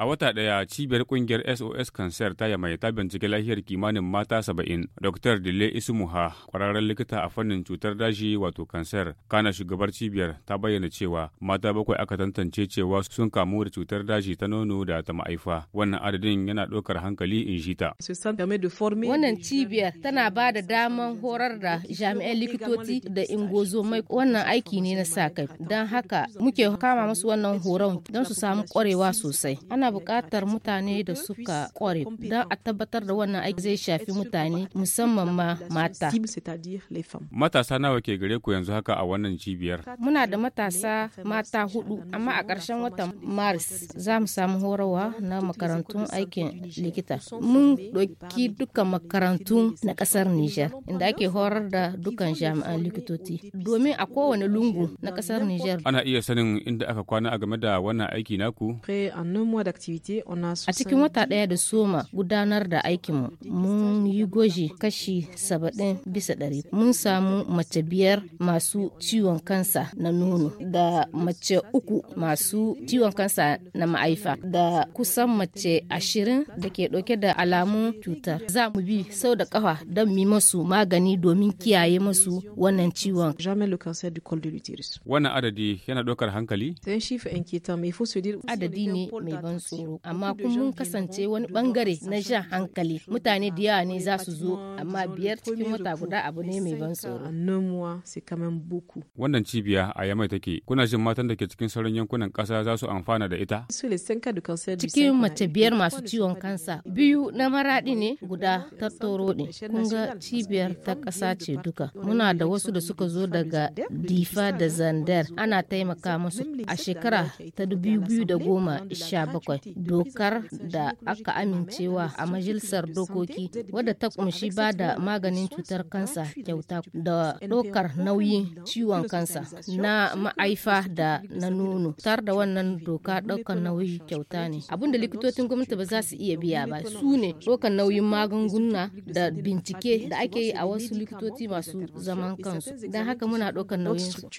A wata ɗaya cibiyar ƙungiyar SOS Cancer ta yamai ta bincike lafiyar kimanin mata saba'in. Dr. Dile Isumuha, ƙwararren likita a fannin cutar daji wato kansar, kana shugabar cibiyar ta bayyana cewa mata bakwai aka tantance cewa sun kamu da cutar daji ta nono da ta ma'aifa. Wannan adadin yana ɗaukar hankali in shi ta. Wannan cibiyar tana ba da daman horar da jami'an likitoci da ingozo mai wannan aiki ne na sa kai. Don haka muke kama musu wannan horon don su samu ƙwarewa sosai. Ana buƙatar mutane da suka ƙware don a tabbatar da wannan aiki zai shafi mutane musamman ma mata. Matasa nawa ke gare ku yanzu haka a wannan cibiyar? Muna da matasa mata hudu amma a ƙarshen watan Maris za mu samu horarwa na makarantun aikin likita. Mun ɗauki dukkan makarantu na ƙasar Nijar inda ake horar da dukkan jami'an likitoci domin a kowane lungu na ƙasar Nijar. Ana iya sanin inda aka kwana a game da wannan aiki naku? A cikin wata ɗaya da soma gudanar da aikinmu mun yi goji kashi saba'in bisa ɗari. Mun samu mace biyar masu ciwon kansa na nono da mace uku masu ciwon kansa na ma'aifa da kusan mace ashirin da ke ɗauke da alamun cutar. Za mu bi sau da ƙafa don mi masu magani domin kiyaye masu wannan ciwon. Wannan adadi yana ɗaukar hankali? Adadi ne mai ban tsoro amma kun mun kasance wani bangare na jan hankali mutane da yawa ne za su zo amma biyar cikin wata guda abu ne mai ban tsoro wannan cibiya a yamai take kuna jin matan da ke cikin sauran yankunan kasa za su amfana da ita cikin mace biyar masu ciwon kansa biyu na maradi ne guda tattoro ne kun ga cibiyar ta kasa ce duka muna da wasu da suka zo daga difa da zandar ana taimaka musu a shekara ta 2017 dokar da aka amincewa a majalisar dokoki wadda ta kunshi ba da maganin cutar kansa kyauta da dokar nauyin ciwon kansa na ma'aifa da na nono tar da wannan doka ɗaukan nauyi kyauta ne abinda likitocin gwamnati ba za su iya biya ba su ne dokar nauyin magunguna da bincike da ake yi a wasu likitoci masu zaman kansu don haka muna ɗaukar nauyin su